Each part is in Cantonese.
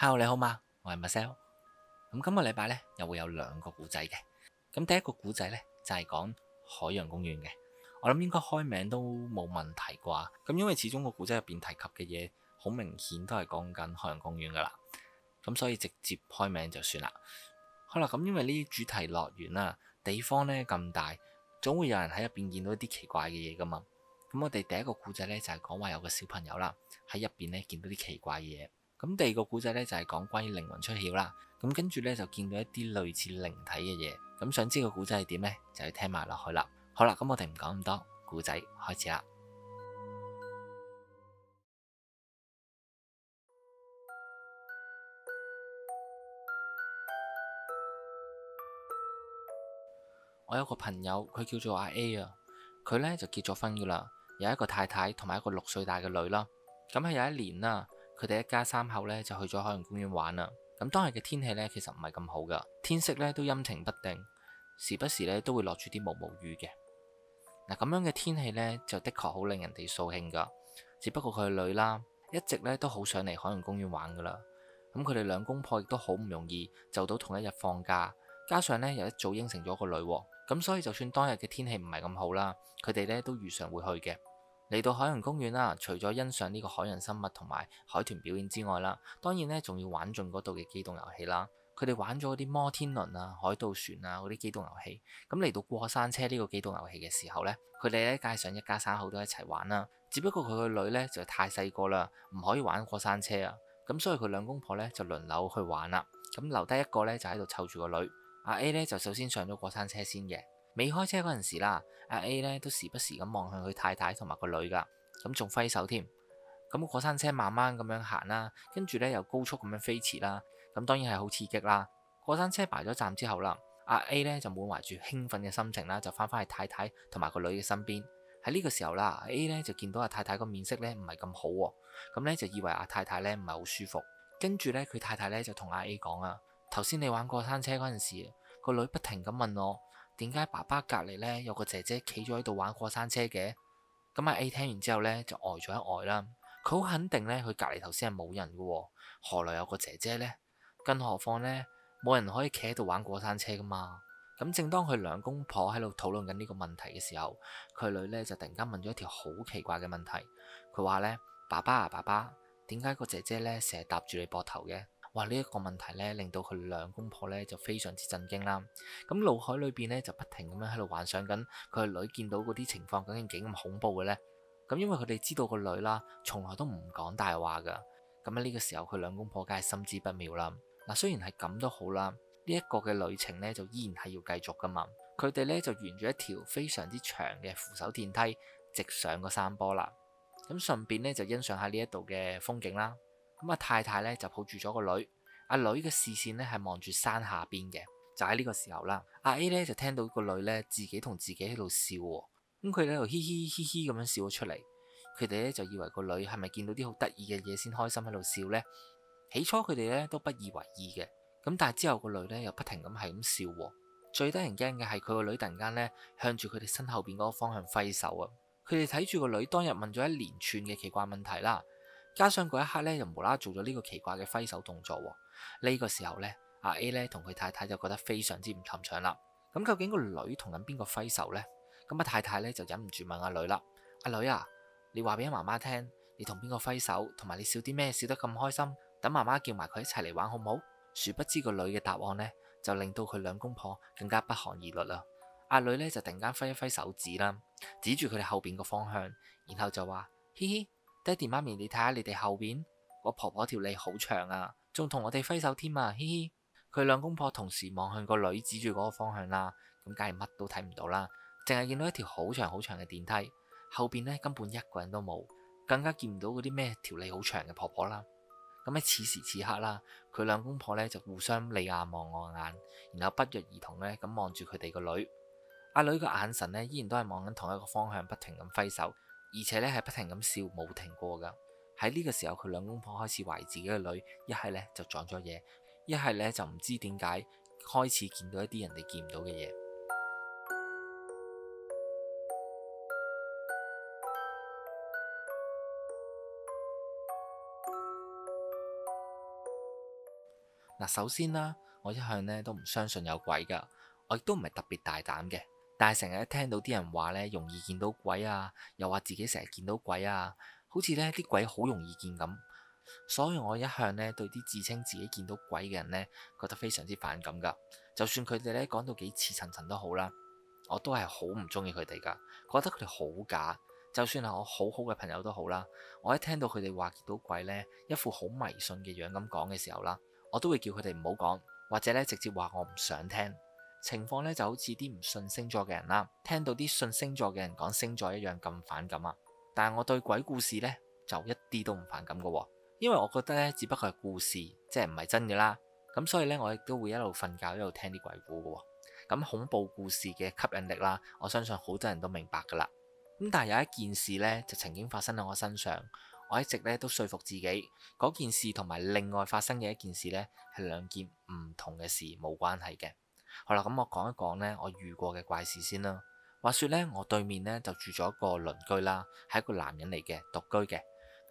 Hello，你好嘛，我係 Marcel。咁今個禮拜咧又會有兩個古仔嘅。咁第一個古仔咧就係講海洋公園嘅。我諗應該開名都冇問題啩。咁因為始終個古仔入邊提及嘅嘢好明顯都係講緊海洋公園噶啦。咁所以直接開名就算啦。好啦，咁因為呢啲主題樂園啦，地方咧咁大，總會有人喺入邊見到一啲奇怪嘅嘢噶嘛。咁我哋第一個古仔咧就係講話有個小朋友啦，喺入邊咧見到啲奇怪嘅嘢。咁第二個故仔呢，就係講關於靈魂出竅啦，咁跟住呢，就見到一啲類似靈體嘅嘢，咁想知個故仔係點呢？就要聽埋落去啦。好啦，咁我哋唔講咁多，故仔開始啦。 我有一個朋友，佢叫做阿 A 啊，佢呢就結咗婚噶啦，有一個太太同埋一個六歲大嘅女啦，咁喺有一年啦。佢哋一家三口呢，就去咗海洋公園玩啦。咁當日嘅天氣呢，其實唔係咁好嘅，天色呢，都陰晴不定，時不時呢，都會落住啲毛毛雨嘅。嗱，咁樣嘅天氣呢，就的確好令人哋掃興噶。只不過佢個女啦，一直呢都好想嚟海洋公園玩噶啦。咁佢哋兩公婆亦都好唔容易就到同一日放假，加上呢，又一早應承咗個女，咁所以就算當日嘅天氣唔係咁好啦，佢哋呢，都如常會去嘅。嚟到海洋公園啦，除咗欣賞呢個海洋生物同埋海豚表演之外啦，當然咧，仲要玩盡嗰度嘅機動遊戲啦。佢哋玩咗嗰啲摩天輪啊、海盜船啊嗰啲機動遊戲。咁嚟到過山車呢個機動遊戲嘅時候咧，佢哋梗係一家三口都一齊玩啦。只不過佢個女咧就太細個啦，唔可以玩過山車啊。咁所以佢兩公婆咧就輪流去玩啦。咁留低一個咧就喺度湊住個女。阿 A 咧就首先上咗過山車先嘅。未開車嗰陣時啦，阿 A 呢都時不時咁望向佢太太同埋個女㗎，咁仲揮手添。咁過山車慢慢咁樣行啦，跟住呢又高速咁樣飛馳啦，咁當然係好刺激啦。過山車排咗站之後啦，阿 A 呢就滿懷住興奮嘅心情啦，就翻返去太太同埋個女嘅身邊。喺呢個時候啦，阿 A 呢就見到阿太太個面色呢唔係咁好喎，咁呢就以為阿太太呢唔係好舒服。跟住呢，佢太太呢就同阿 A 講啊，頭先你玩過山車嗰陣時，個女不停咁問我。點解爸爸隔籬呢有個姐姐企咗喺度玩過山車嘅？咁阿 A 聽完之後呢，就呆咗一呆啦。佢好肯定呢，佢隔籬頭先係冇人噶，何來有個姐姐呢？更何況呢，冇人可以企喺度玩過山車噶嘛。咁正當佢兩公婆喺度討論緊呢個問題嘅時候，佢女呢就突然間問咗一條好奇怪嘅問題。佢話呢：「爸爸啊，爸爸，點解個姐姐呢成日搭住你膊頭嘅？哇！呢一個問題咧，令到佢兩公婆咧就非常之震驚啦。咁腦海裏邊咧就不停咁樣喺度幻想緊，佢個女見到嗰啲情況究竟幾咁恐怖嘅呢。咁因為佢哋知道個女啦，從來都唔講大話噶。咁喺呢個時候，佢兩公婆梗係心知不妙啦。嗱，雖然係咁都好啦，呢一個嘅旅程咧就依然係要繼續噶嘛。佢哋咧就沿住一條非常之長嘅扶手電梯，直上個山坡啦。咁順便咧就欣賞下呢一度嘅風景啦。咁啊，太太咧就抱住咗個女，阿女嘅視線咧係望住山下邊嘅，就喺呢個時候啦。阿 A 咧就聽到個女咧自己同自己喺度笑，咁佢咧又嘻嘻嘻嘻咁樣笑咗出嚟。佢哋咧就以為個女係咪見到啲好得意嘅嘢先開心喺度笑呢。起初佢哋咧都不以為意嘅，咁但係之後個女咧又不停咁係咁笑。最得人驚嘅係佢個女突然間咧向住佢哋身後邊嗰個方向揮手啊！佢哋睇住個女當日問咗一連串嘅奇怪問題啦。加上嗰一刻咧，就無啦啦做咗呢個奇怪嘅揮手動作。呢個時候咧，阿 A 咧同佢太太就覺得非常之唔尋常啦。咁究竟個女同緊邊個揮手呢？咁阿太太咧就忍唔住問阿女啦：阿女啊，你話俾阿媽媽聽，你同邊個揮手，同埋你笑啲咩笑得咁開心？等媽媽叫埋佢一齊嚟玩好唔好？殊不知個女嘅答案呢，就令到佢兩公婆更加不寒而慄啦。阿女咧就突然間揮一揮手指啦，指住佢哋後邊個方向，然後就話：嘻嘻。爹哋媽咪，你睇下你哋後邊個婆婆條脷好長啊，仲同我哋揮手添啊，嘻嘻。佢兩公婆同時望向個女指住嗰個方向啦，咁梗係乜都睇唔到啦，淨係見到一條好長好長嘅電梯後邊呢，根本一個人都冇，更加見唔到嗰啲咩條脷好長嘅婆婆啦。咁喺此時此刻啦，佢兩公婆呢就互相你眼望我眼，然後不約而同呢咁望住佢哋個女。阿女個眼神呢依然都係望緊同一個方向，不停咁揮手。而且呢，係不停咁笑，冇停過噶。喺呢個時候，佢兩公婆開始懷疑自己嘅女，一係呢就撞咗嘢，一係呢就唔知點解開始見到一啲人哋見唔到嘅嘢。嗱， 首先啦，我一向呢都唔相信有鬼噶，我亦都唔係特別大膽嘅。但係成日一聽到啲人話咧，容易見到鬼啊，又話自己成日見到鬼啊，好似咧啲鬼好容易見咁。所以我一向咧對啲自稱自己見到鬼嘅人咧，覺得非常之反感㗎。就算佢哋咧講到幾似層層都好啦，我都係好唔鍾意佢哋㗎，覺得佢哋好假。就算係我好好嘅朋友都好啦，我一聽到佢哋話見到鬼咧，一副好迷信嘅樣咁講嘅時候啦，我都會叫佢哋唔好講，或者咧直接話我唔想聽。情況咧就好似啲唔信星座嘅人啦，聽到啲信星座嘅人講星座一樣咁反感啊。但係我對鬼故事呢就一啲都唔反感噶，因為我覺得呢，只不過係故事，即係唔係真嘅啦。咁所以呢，我亦都會一路瞓覺一路聽啲鬼故噶。咁恐怖故事嘅吸引力啦，我相信好多人都明白噶啦。咁但係有一件事呢，就曾經發生喺我身上，我一直咧都說服自己嗰件事同埋另外發生嘅一件事呢，係兩件唔同嘅事，冇關係嘅。好啦，咁我講一講咧，我遇過嘅怪事先啦。話說咧，我對面咧就住咗一個鄰居啦，係一個男人嚟嘅，獨居嘅。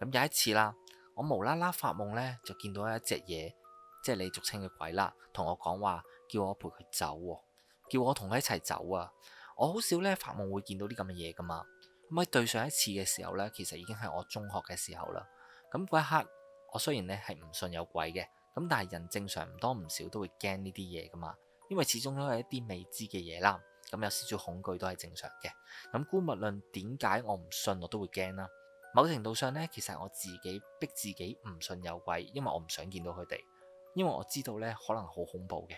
咁有一次啦，我無啦啦發夢咧，就見到一隻嘢，即係你俗稱嘅鬼啦，同我講話，叫我陪佢走，叫我同佢一齊走啊。我好少咧發夢會見到啲咁嘅嘢噶嘛。咁喺對上一次嘅時候咧，其實已經係我中學嘅時候啦。咁嗰一刻，我雖然咧係唔信有鬼嘅，咁但係人正常唔多唔少都會驚呢啲嘢噶嘛。因為始終都係一啲未知嘅嘢啦，咁有少少恐懼都係正常嘅。咁姑勿論點解我唔信，我都會驚啦。某程度上呢，其實我自己逼自己唔信有鬼，因為我唔想見到佢哋，因為我知道呢可能好恐怖嘅。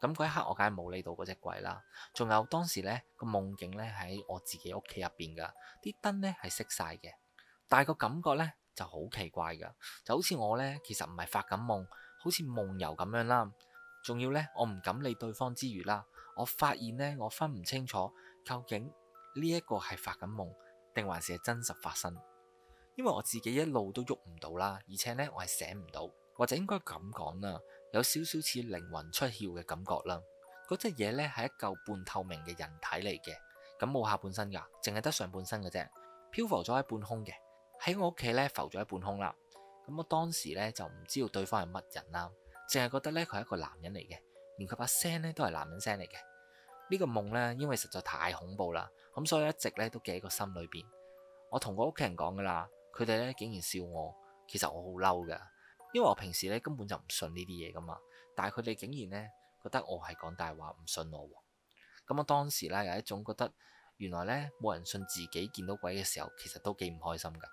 咁嗰一刻我梗係冇理到嗰隻鬼啦。仲有當時呢個夢境呢，喺我自己屋企入邊噶，啲燈呢係熄晒嘅，但係個感覺呢就好奇怪噶，就好似我呢其實唔係發緊夢，好似夢遊咁樣啦。仲要咧，我唔敢理對方之餘啦，我發現咧，我分唔清楚究竟呢一個係發緊夢定還是係真實發生，因為我自己一路都喐唔到啦，而且咧我係醒唔到，或者應該咁講啦，有少少似靈魂出竅嘅感覺啦。嗰隻嘢咧係一嚿半透明嘅人體嚟嘅，咁冇下半身㗎，淨係得上半身嘅啫，漂浮咗喺半空嘅。喺我屋企咧浮咗喺半空啦。咁我當時咧就唔知道對方係乜人啦。淨係覺得咧，佢係一個男人嚟嘅，連佢把聲咧都係男人聲嚟嘅。呢個夢呢，因為實在太恐怖啦，咁所以一直咧都記喺個心裏邊。我同個屋企人講噶啦，佢哋咧竟然笑我，其實我好嬲噶，因為我平時咧根本就唔信呢啲嘢噶嘛。但係佢哋竟然呢覺得我係講大話，唔信我。咁我當時咧有一種覺得，原來呢冇人信自己見到鬼嘅時候，其實都幾唔開心噶。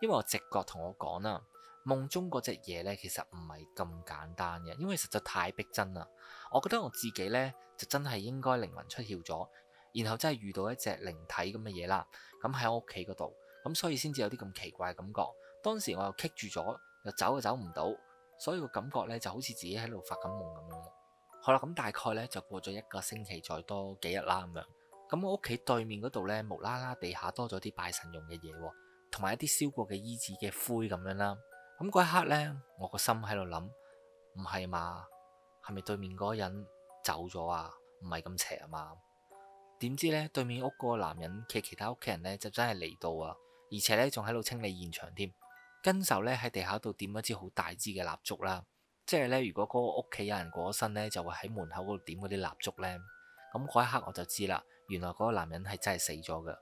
因為我直覺同我講啦。夢中嗰隻嘢咧，其實唔係咁簡單嘅，因為實在太逼真啦。我覺得我自己咧就真係應該靈魂出竅咗，然後真係遇到一隻靈體咁嘅嘢啦。咁喺我屋企嗰度，咁所以先至有啲咁奇怪嘅感覺。當時我又棘住咗，又走又走唔到，所以個感覺咧就好似自己喺度發緊夢咁樣。好啦，咁大概咧就過咗一個星期再多幾日啦咁樣。咁我屋企對面嗰度咧無啦啦地下多咗啲拜神用嘅嘢，同埋一啲燒過嘅衣紙嘅灰咁樣啦。咁嗰一刻呢，我個心喺度諗，唔係嘛，係咪對面嗰個人走咗啊？唔係咁邪啊嘛？點知呢，對面屋嗰個男人嘅其他屋企人呢，就真係嚟到啊，而且呢，仲喺度清理現場添。跟手呢，喺地下度點一支好大支嘅蠟燭啦，即係呢，如果嗰個屋企有人過身呢，就會喺門口嗰度點嗰啲蠟燭呢。咁嗰一刻我就知啦，原來嗰個男人係真係死咗噶。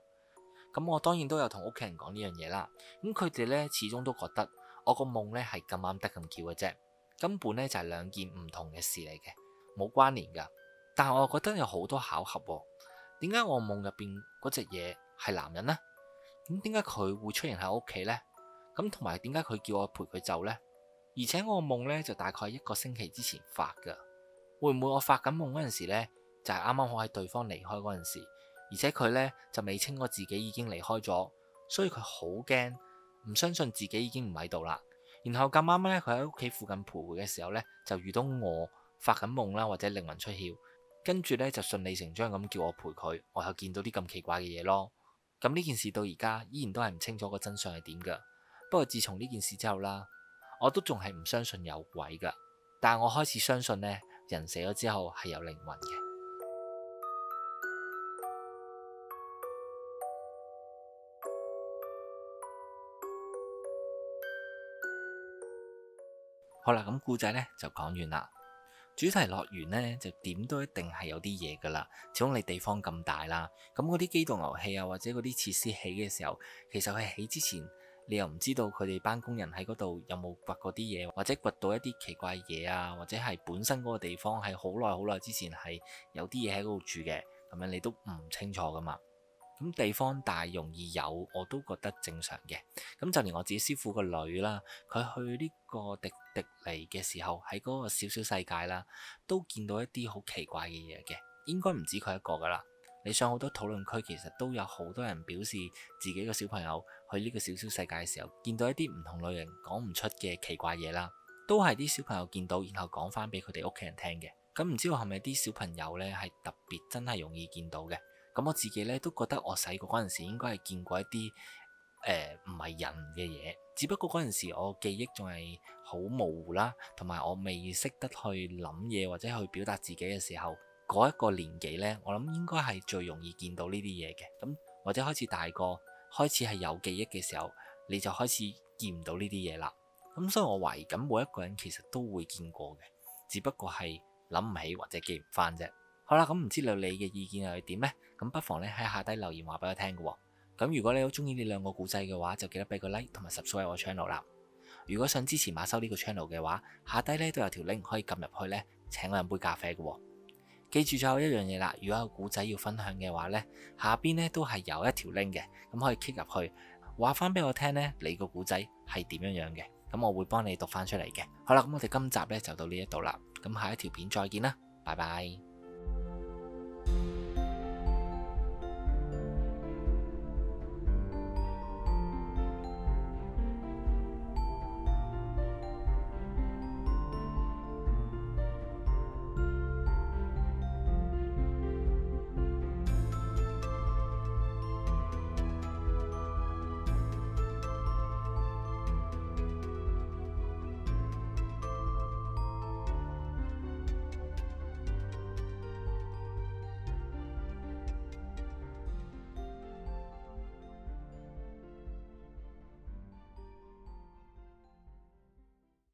咁我當然都有同屋企人講呢樣嘢啦。咁佢哋呢，始終都覺得我個夢呢係咁啱得咁巧嘅啫，根本呢就係兩件唔同嘅事嚟嘅，冇關聯㗎。但係我覺得有好多巧合，點解我夢入邊嗰隻嘢係男人呢？咁點解佢會出現喺屋企呢？咁同埋點解佢叫我陪佢走呢？而且我個夢呢就大概一個星期之前發㗎，會唔會我發緊夢嗰陣時呢就係啱啱好喺對方離開嗰陣時，而且佢呢就未清我自己已經離開咗，所以佢好驚。唔相信自己已經唔喺度啦，然後咁啱咧，佢喺屋企附近徘徊嘅時候呢，就遇到我發緊夢啦，或者靈魂出竅，跟住呢，就順理成章咁叫我陪佢，我又見到啲咁奇怪嘅嘢咯。咁呢件事到而家依然都係唔清楚個真相係點㗎。不過自從呢件事之後啦，我都仲係唔相信有鬼㗎，但係我開始相信呢，人死咗之後係有靈魂嘅。好啦，咁故仔呢就講完啦。主題樂園呢，就點都一定係有啲嘢噶啦，始終你地方咁大啦，咁嗰啲機動遊戲啊，或者嗰啲設施起嘅時候，其實佢起之前你又唔知道佢哋班工人喺嗰度有冇掘過啲嘢，或者掘到一啲奇怪嘢啊，或者係本身嗰個地方係好耐好耐之前係有啲嘢喺嗰度住嘅，咁樣你都唔清楚噶嘛。咁地方大，容易有，我都覺得正常嘅。咁就連我自己師傅個女啦，佢去呢個迪迪尼嘅時候，喺嗰個小小世界啦，都見到一啲好奇怪嘅嘢嘅。應該唔止佢一個噶啦。你上好多討論區，其實都有好多人表示自己個小朋友去呢個小小世界嘅時候，見到一啲唔同類型講唔出嘅奇怪嘢啦，都係啲小朋友見到，然後講翻俾佢哋屋企人聽嘅。咁唔知係咪啲小朋友呢，係特別真係容易見到嘅？咁我自己咧都覺得我細個嗰陣時應該係見過一啲誒唔係人嘅嘢，只不過嗰陣時我記憶仲係好模糊啦，同埋我未識得去諗嘢或者去表達自己嘅時候，嗰一個年紀呢，我諗應該係最容易見到呢啲嘢嘅。咁或者開始大個，開始係有記憶嘅時候，你就開始見唔到呢啲嘢啦。咁所以我懷疑，咁每一個人其實都會見過嘅，只不過係諗唔起或者記唔翻啫。好啦，咁唔知道你你嘅意見係點呢？咁不妨咧喺下低留言話俾我聽嘅。咁如果你好中意呢兩個古仔嘅話，就記得俾個 like 同埋 subscribe 我 channel 啦。如果想支持馬修呢個 channel 嘅話，下低咧都有條 link 可以撳入去咧，請我飲杯咖啡嘅。記住最後一樣嘢啦，如果有古仔要分享嘅話呢，下邊呢都係有一條 link 嘅，咁可以 kick 入去話翻俾我聽呢，你個古仔係點樣樣嘅？咁我會幫你讀翻出嚟嘅。好啦，咁我哋今集呢就到呢一度啦。咁下一條片再見啦，拜拜。